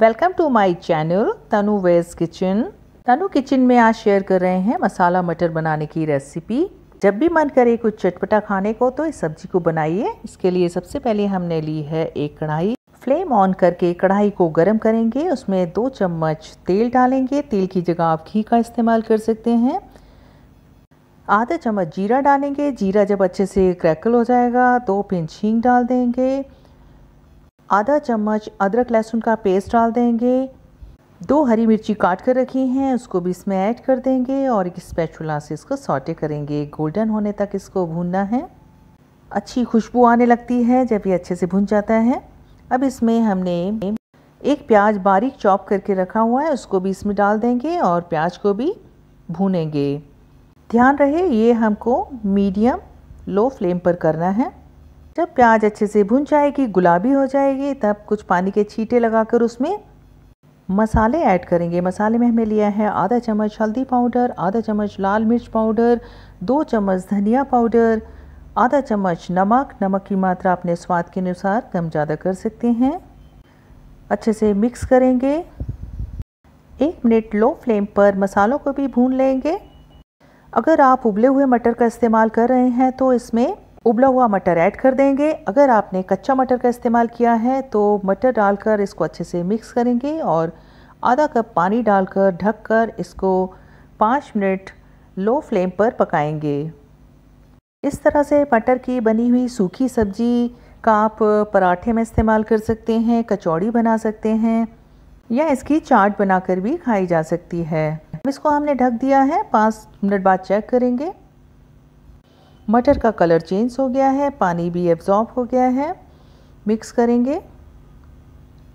welcome to my channel Tanu veg kitchen Tanu kitchen में आज share कर रहे हैं मसाला मटर बनाने की रेसिपी जब भी मन करे कुछ चटपटा खाने को तो इस सब्जी को बनाइए इसके लिए सबसे पहले हमने ली है एक कढ़ाई फ्लेम ऑन करके कढ़ाई को गर्म करेंगे उसमें दो चम्मच तेल डालेंगे तेल की जगह आप घी का इस्तेमाल कर सकते हैं आधा चम्मच जीरा डालेंगे जीरा जब अच्छे से क्रैकल हो जाएगा दो पिंच हींग डाल देंगे आधा चम्मच अदरक लहसुन का पेस्ट डाल देंगे दो हरी मिर्ची काट कर रखी हैं उसको भी इसमें ऐड कर देंगे और एक स्पैचुला से इसको सॉटे करेंगे गोल्डन होने तक इसको भूनना है अच्छी खुशबू आने लगती है जब ये अच्छे से भुन जाता है अब इसमें हमने एक प्याज बारीक चॉप करके रखा हुआ है उसको भी इसमें डाल देंगे और प्याज को भी भूनेंगे ध्यान रहे ये हमको मीडियम लो फ्लेम पर करना है जब प्याज अच्छे से भुन जाएगी गुलाबी हो जाएगी तब कुछ पानी के छींटे लगाकर उसमें मसाले ऐड करेंगे मसाले में हमें लिया है आधा चम्मच हल्दी पाउडर आधा चम्मच लाल मिर्च पाउडर दो चम्मच धनिया पाउडर आधा चम्मच नमक नमक की मात्रा अपने स्वाद के अनुसार कम ज़्यादा कर सकते हैं अच्छे से मिक्स करेंगे एक मिनट लो फ्लेम पर मसालों को भी भून लेंगे अगर आप उबले हुए मटर का इस्तेमाल कर रहे हैं तो इसमें उबला हुआ मटर ऐड कर देंगे अगर आपने कच्चा मटर का इस्तेमाल किया है तो मटर डालकर इसको अच्छे से मिक्स करेंगे और आधा कप पानी डालकर ढककर इसको पाँच मिनट लो फ्लेम पर पकाएंगे इस तरह से मटर की बनी हुई सूखी सब्जी का आप पराठे में इस्तेमाल कर सकते हैं कचौड़ी बना सकते हैं या इसकी चाट बनाकर भी खाई जा सकती है इसको हमने ढक दिया है पाँच मिनट बाद चेक करेंगे मटर का कलर चेंज हो गया है पानी भी एब्ज़ॉर्ब हो गया है मिक्स करेंगे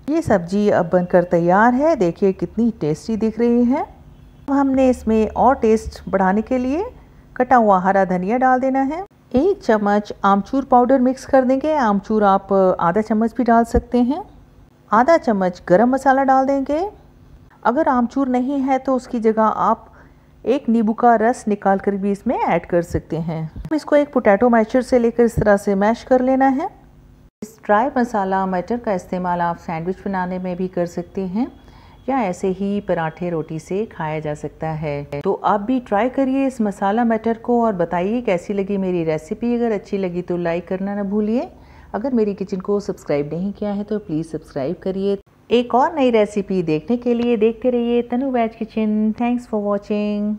ये सब्जी अब बनकर तैयार है देखिए कितनी टेस्टी दिख रही है अब हमने इसमें और टेस्ट बढ़ाने के लिए कटा हुआ हरा धनिया डाल देना है एक चम्मच आमचूर पाउडर मिक्स कर देंगे आमचूर आप आधा चम्मच भी डाल सकते हैं आधा चम्मच गरम मसाला डाल देंगे अगर आमचूर नहीं है तो उसकी जगह आप एक नींबू का रस निकाल कर भी इसमें ऐड कर सकते हैं हम इसको एक पोटैटो मैचर से लेकर इस तरह से मैश कर लेना है इस ड्राई मसाला मटर का इस्तेमाल आप सैंडविच बनाने में भी कर सकते हैं या ऐसे ही पराठे रोटी से खाया जा सकता है तो आप भी ट्राई करिए इस मसाला मटर को और बताइए कैसी लगी मेरी रेसिपी अगर अच्छी लगी तो लाइक करना ना भूलिए अगर मेरी किचन को सब्सक्राइब नहीं किया है तो प्लीज़ सब्सक्राइब करिए एक और नई रेसिपी देखने के लिए देखते रहिए Tanu veg kitchen thanks for watching